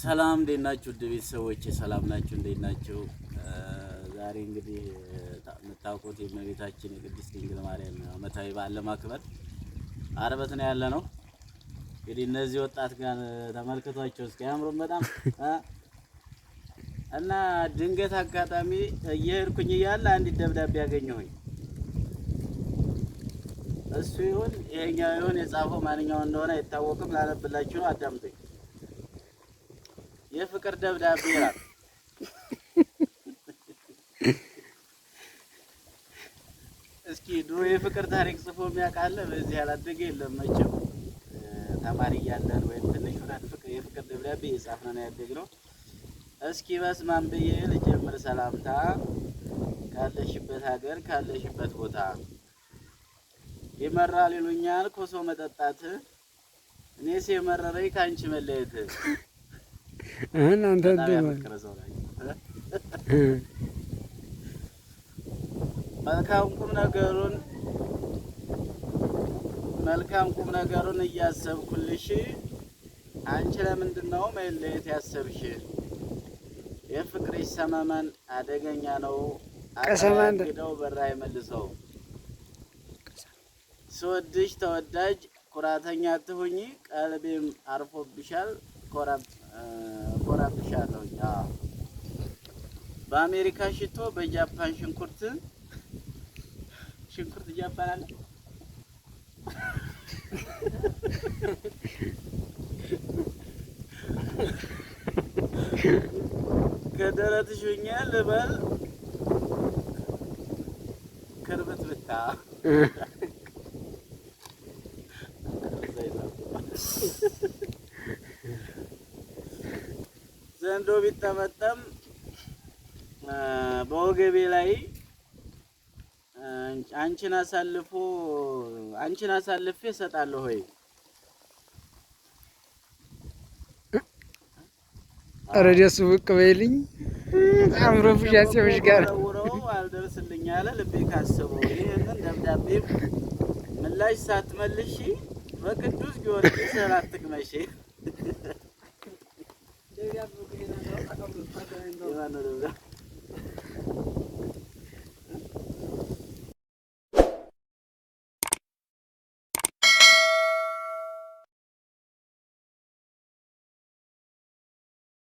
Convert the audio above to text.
ሰላም እንዴት ናችሁ? ውድ ቤተሰቦች ሰላም ናችሁ? እንዴት ናችሁ? ዛሬ እንግዲህ የምታውቁት የእመቤታችን የቅድስት ድንግል ማርያም ዓመታዊ በዓል ለማክበር አርበት ነው ያለ ነው። እንግዲህ እነዚህ ወጣት ጋር ተመልክቷቸው እስኪ አያምሩም? በጣም እና ድንገት አጋጣሚ እየሄድኩኝ እያለ አንዲት ደብዳቤ ያገኘሁኝ እሱ ይሁን ይሄኛው ይሁን የጻፈው ማንኛውም እንደሆነ አይታወቅም። ላነብላችሁ አዳምጡኝ። የፍቅር ደብዳቤ ይላል። እስኪ ድሮ የፍቅር ታሪክ ጽፎ የሚያውቃለ በዚህ ያላደገ የለም። መቼም ተማሪ እያለን ወይም ትንሽ ሁናት የፍቅር ደብዳቤ የጻፍነው ነው ነው። እስኪ በስማን ብዬ ልጀምር ሰላምታ ካለሽበት ሀገር ካለሽበት ቦታ የመራ ይሉኛል ኮሶ መጠጣት እኔስ የመረረኝ ከአንቺ መለየት እናንተ መልካም ቁም ነገሩን መልካም ቁም ነገሩን እያሰብኩልሽ አንቺ ለምንድን ነው መለየት ያሰብሽ? የፍቅርሽ ሰመመን አደገኛ ነው። አሰማንደው በራ አይመልሰው። ስወድሽ ተወዳጅ ኩራተኛ ትሁኚ። ቀልቤም አርፎብሻል። እኮራብሻለሁ። በአሜሪካ ሽቶ፣ በጃፓን ሽንኩርት ሽንኩርት ጃፓን አለ። ከደረት ሆኜ ልበል ክርብት ብታ ዘንዶ ቢጠመጠም በወገቤ ላይ አንቺን አሳልፎ አንቺን አሳልፌ እሰጣለሁ ሆይ ኧረ ደስ ብቅ በይልኝ አምሮ ፍሻሴዎች ጋር አልደርስልኝ አለ ልቤ ካስበው ይህንን ደብዳቤ ምላሽ ሳትመልሺ በቅዱስ ጊዮርጊስ አትቅመሺ። ഇതൊരു